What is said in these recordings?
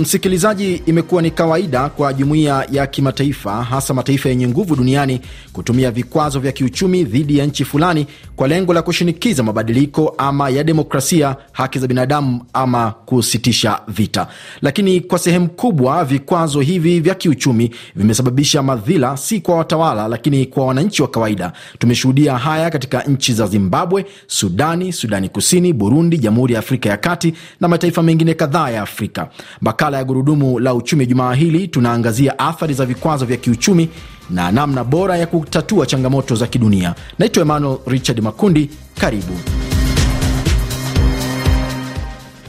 Msikilizaji, imekuwa ni kawaida kwa jumuiya ya kimataifa, hasa mataifa yenye nguvu duniani, kutumia vikwazo vya kiuchumi dhidi ya nchi fulani kwa lengo la kushinikiza mabadiliko ama ya demokrasia, haki za binadamu ama kusitisha vita. Lakini kwa sehemu kubwa vikwazo hivi vya kiuchumi vimesababisha madhila, si kwa watawala, lakini kwa wananchi wa kawaida. Tumeshuhudia haya katika nchi za Zimbabwe, Sudani, Sudani Kusini, Burundi, Jamhuri ya Afrika ya Kati na mataifa mengine kadhaa ya Afrika makala ya Gurudumu la Uchumi jumaa hili tunaangazia athari za vikwazo vya kiuchumi na namna bora ya kutatua changamoto za kidunia. Naitwa Emmanuel Richard Makundi, karibu.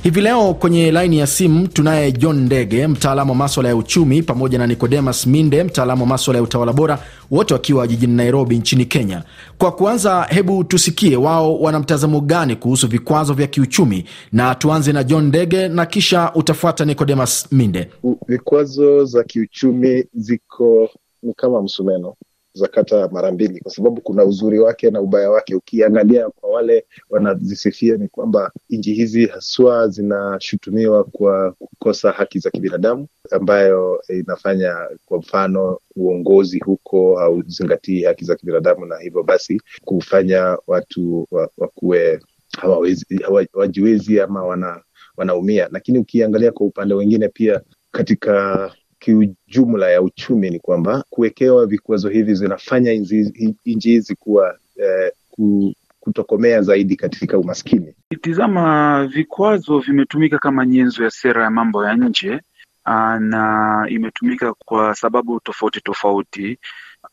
Hivi leo kwenye laini ya simu tunaye John Ndege, mtaalamu wa maswala ya uchumi, pamoja na Nicodemus Minde, mtaalamu wa maswala ya utawala bora, wote wakiwa jijini Nairobi nchini Kenya. Kwa kuanza, hebu tusikie wao wana mtazamo gani kuhusu vikwazo vya kiuchumi, na tuanze na John Ndege na kisha utafuata Nicodemus Minde. Vikwazo za kiuchumi ziko ni kama msumeno zakata mara mbili, kwa sababu kuna uzuri wake na ubaya wake. Ukiangalia kwa wale wanazisifia, ni kwamba nchi hizi haswa zinashutumiwa kwa kukosa haki za kibinadamu, ambayo inafanya kwa mfano uongozi huko hauzingatii haki za kibinadamu, na hivyo basi kufanya watu wakuwe hawajiwezi ama wana wanaumia. Lakini ukiangalia kwa upande wengine pia katika kiujumla ya uchumi ni kwamba kuwekewa vikwazo hivi zinafanya nchi hizi kuwa eh, kutokomea zaidi katika umaskini. itizama vikwazo vimetumika kama nyenzo ya sera ya mambo ya nje ah, na imetumika kwa sababu tofauti tofauti.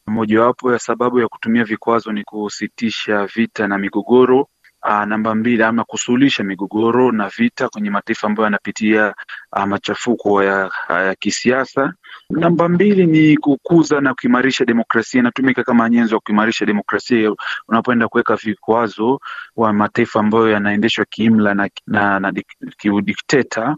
Mojawapo ya sababu ya kutumia vikwazo ni kusitisha vita na migogoro uh, namba mbili ama kusuluhisha migogoro na vita kwenye mataifa ambayo yanapitia uh, machafuko ya, ya kisiasa Namba mbili ni kukuza na kuimarisha demokrasia, inatumika kama nyenzo ya kuimarisha demokrasia unapoenda kuweka vikwazo wa mataifa ambayo yanaendeshwa kiimla na, na, na kiudikteta.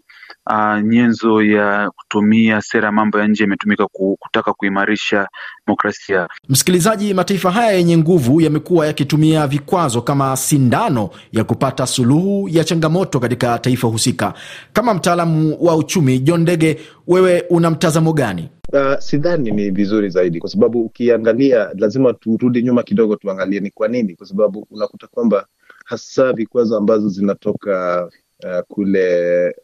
Uh, nyenzo ya kutumia sera mambo ya nje imetumika kutaka kuimarisha demokrasia. Msikilizaji, mataifa haya yenye nguvu yamekuwa yakitumia vikwazo kama sindano ya kupata suluhu ya changamoto katika taifa husika. Kama mtaalamu wa uchumi John Dege, wewe una mtazamo gani? Uh, sidhani ni vizuri zaidi, kwa sababu ukiangalia, lazima turudi nyuma kidogo, tuangalie ni kwa nini, kwa sababu unakuta kwamba hasa vikwazo ambazo zinatoka uh, kule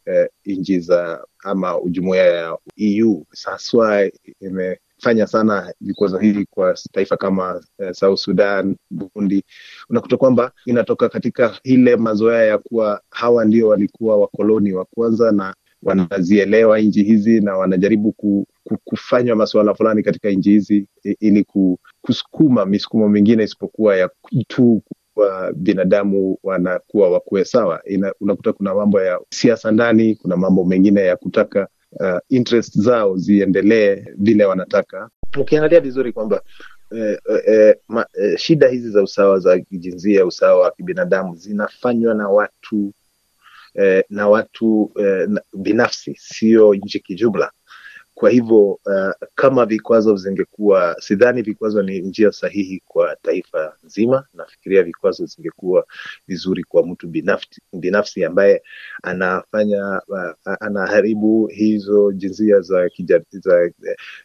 uh, nchi za ama jumuia ya EU haswa imefanya sana vikwazo hivi kwa taifa kama uh, South Sudan, Burundi, unakuta kwamba inatoka katika ile mazoea ya kuwa hawa ndio walikuwa wakoloni wa kwanza na wanazielewa nchi hizi na wanajaribu ku, ku, kufanywa masuala fulani katika nchi hizi ili ku, kusukuma misukumo mingine isipokuwa ya tu wa uh, binadamu wanakuwa wakuwe sawa. Unakuta kuna mambo ya siasa ndani, kuna mambo mengine ya kutaka uh, interest zao ziendelee vile wanataka. Ukiangalia vizuri kwamba eh, eh, eh ma, eh, shida hizi za usawa za kijinsia, usawa wa kibinadamu zinafanywa na watu eh, na watu eh, binafsi, sio nchi kijumla. Kwa hivyo uh, kama vikwazo zingekuwa, sidhani vikwazo ni njia sahihi kwa taifa nzima. Nafikiria vikwazo zingekuwa vizuri kwa mtu binafsi, binafsi ambaye anafanya uh, anaharibu hizo jinsia za, kijamii za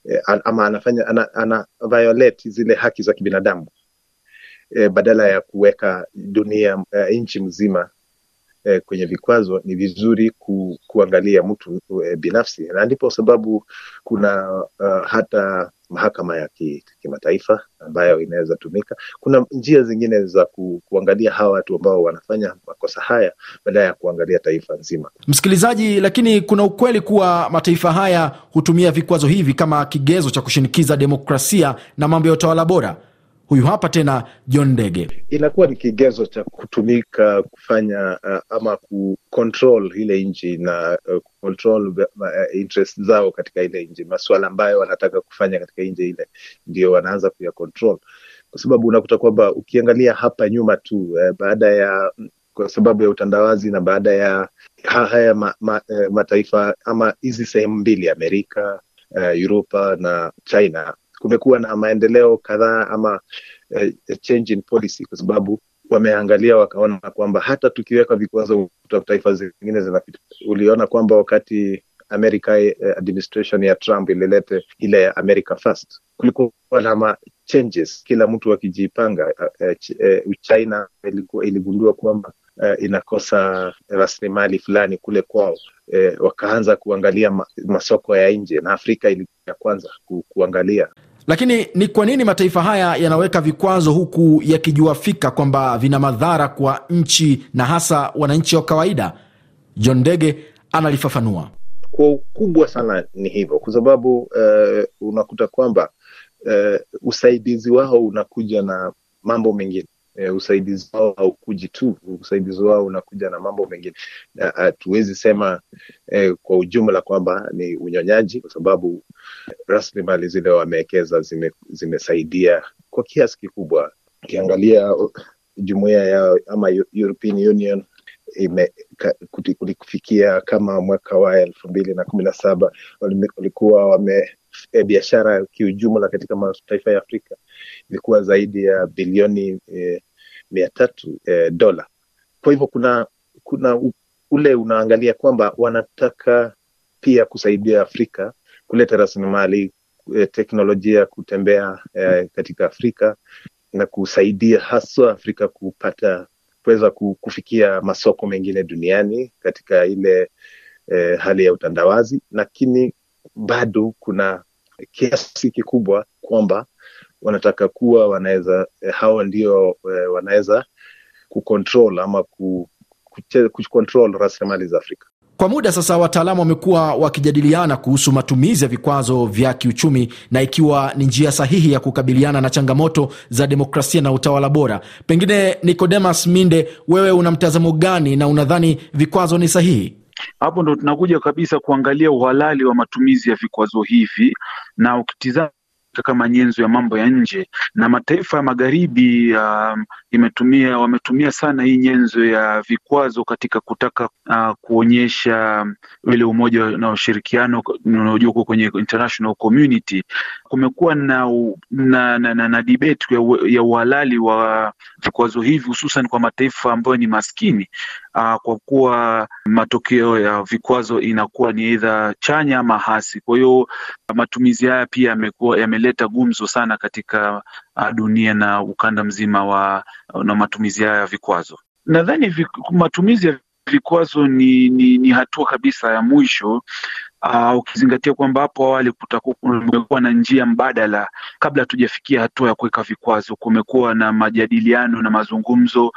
eh, ama anafanya ana, ana violate zile haki za kibinadamu eh, badala ya kuweka dunia uh, nchi mzima eh, kwenye vikwazo ni vizuri ku, kuangalia mtu eh, binafsi, na ndipo sababu kuna uh, hata mahakama ya kimataifa ambayo inaweza tumika. Kuna njia zingine za ku, kuangalia hawa watu ambao wanafanya makosa haya badala ya kuangalia taifa nzima, msikilizaji. Lakini kuna ukweli kuwa mataifa haya hutumia vikwazo hivi kama kigezo cha kushinikiza demokrasia na mambo ya utawala bora. Huyu hapa tena John Ndege. Inakuwa ni kigezo cha kutumika kufanya uh, ama kucontrol ile nchi na uh, control uh, interest zao katika ile nchi. Masuala ambayo wanataka kufanya katika nchi ile ndio wanaanza control, kwa sababu unakuta kwamba ukiangalia hapa nyuma tu eh, baada ya kwa sababu ya utandawazi na baada ya haya ma, ma, uh, mataifa ama hizi sehemu mbili Amerika, uh, Uropa na China kumekuwa na maendeleo kadhaa ama uh, change in policy kwa sababu wameangalia wakaona kwamba hata tukiweka vikwazo taifa zingine zinapita. Uliona kwamba wakati America uh, eh, administration ya Trump ililete ile ya America First, kulikuwa na ma changes, kila mtu akijipanga. uh, eh, uh, uh, China ilikuwa iligundua kwamba uh, inakosa rasilimali fulani kule kwao. uh, wakaanza kuangalia masoko ya nje na Afrika ilikuwa ya kwanza ku, kuangalia lakini ni kwa nini mataifa haya yanaweka vikwazo huku yakijua fika kwamba vina madhara kwa nchi na hasa wananchi wa kawaida? John Ndege analifafanua. Kwa ukubwa sana ni hivyo, kwa sababu uh, unakuta kwamba uh, usaidizi wao unakuja na mambo mengine uh, usaidizi wao haukuji tu, usaidizi wao unakuja na mambo mengine. Hatuwezi ah, uh, sema uh, kwa ujumla kwamba ni unyonyaji, kwa sababu rasilimali zile wamewekeza zime, zimesaidia kwa kiasi kikubwa. Ukiangalia uh, jumuia ya ama European Union ime, kama mwaka wa elfu mbili na kumi na saba walikuwa wame e, biashara kiujumla katika mataifa ya Afrika ilikuwa zaidi ya bilioni e, mia tatu e, dola. Kwa hivyo kuna kuna ule unaangalia kwamba wanataka pia kusaidia Afrika kuleta rasilimali eh, teknolojia kutembea eh, katika Afrika na kusaidia haswa Afrika kupata kuweza kufikia masoko mengine duniani katika ile eh, hali ya utandawazi, lakini bado kuna kiasi kikubwa kwamba wanataka kuwa wanaweza eh, hawa ndio eh, wanaweza kucontrol ama ku, kuche, kucontrol rasilimali za Afrika. Kwa muda sasa wataalamu wamekuwa wakijadiliana kuhusu matumizi ya vikwazo vya kiuchumi na ikiwa ni njia sahihi ya kukabiliana na changamoto za demokrasia na utawala bora. Pengine Nicodemus Minde, wewe una mtazamo gani na unadhani vikwazo ni sahihi? Hapo ndo tunakuja kabisa kuangalia uhalali wa matumizi ya vikwazo hivi, na ukitizama kama nyenzo ya mambo ya nje, na mataifa ya magharibi uh, imetumia wametumia sana hii nyenzo ya vikwazo katika kutaka uh, kuonyesha ule um, umoja na ushirikiano unaojua uko kwenye international community. Kumekuwa na, na, na, na, na debate ya, ya uhalali wa vikwazo hivi hususan kwa mataifa ambayo ni maskini uh, kwa kuwa matokeo ya vikwazo inakuwa ni aidha chanya ama hasi. Kwa hiyo matumizi haya pia yamekuwa yame imeleta gumzo sana katika uh, dunia na ukanda mzima wa uh, na matumizi haya ya vikwazo. Nadhani viku, matumizi ya vikwazo ni, ni, ni hatua kabisa ya mwisho uh, ukizingatia kwamba hapo awali kumekuwa na njia mbadala. Kabla hatujafikia hatua ya kuweka vikwazo, kumekuwa na majadiliano na mazungumzo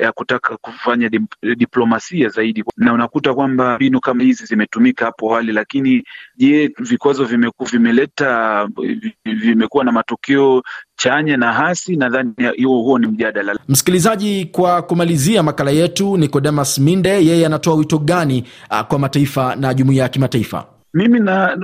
ya kutaka kufanya dip diplomasia zaidi, na unakuta kwamba mbinu kama hizi zimetumika hapo awali, lakini je, vikwazo vimeku, vimeleta vimekuwa na matokeo chanya na hasi? Nadhani huo huo ni mjadala. Msikilizaji, kwa kumalizia makala yetu, Nicodemus Minde, yeye anatoa wito gani ah, kwa mataifa na jumuiya ya kimataifa? Mimi na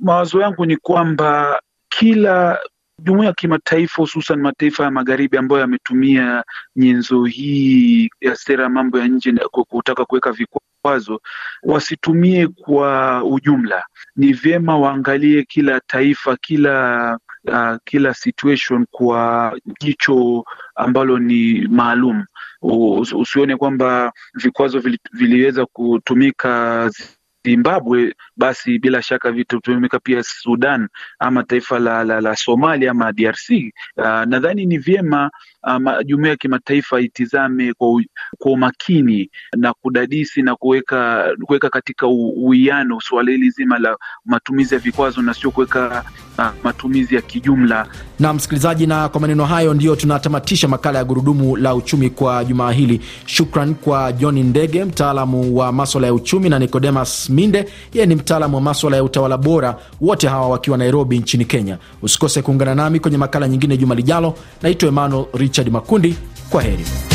mawazo yangu ni kwamba kila jumuia ya kimataifa hususan mataifa ya magharibi ambayo yametumia nyenzo hii ya sera mambo ya nje kutaka kuweka vikwazo wasitumie kwa ujumla. Ni vyema waangalie kila taifa, kila uh, kila situation kwa jicho ambalo ni maalum. Usione kwamba vikwazo vili, viliweza kutumika Zimbabwe, basi bila shaka vitatumika pia Sudan ama taifa la, la, la Somalia ama DRC. Uh, nadhani ni vyema jumuia ya kimataifa itizame kwa, kwa umakini na kudadisi na kuweka kuweka katika uwiano suala hili zima la matumizi ya vikwazo na sio kuweka uh, matumizi ya kijumla. Na msikilizaji, na kwa maneno hayo ndiyo tunatamatisha makala ya gurudumu la uchumi kwa jumaa hili. Shukran kwa John Ndege, mtaalamu wa maswala ya uchumi na Nicodemas Minde, yeye ni mtaalamu wa maswala ya utawala bora, wote hawa wakiwa Nairobi nchini Kenya. Usikose kuungana nami kwenye makala nyingine juma lijalo. Naitwa Emmanuel Richard Makundi, kwa heri.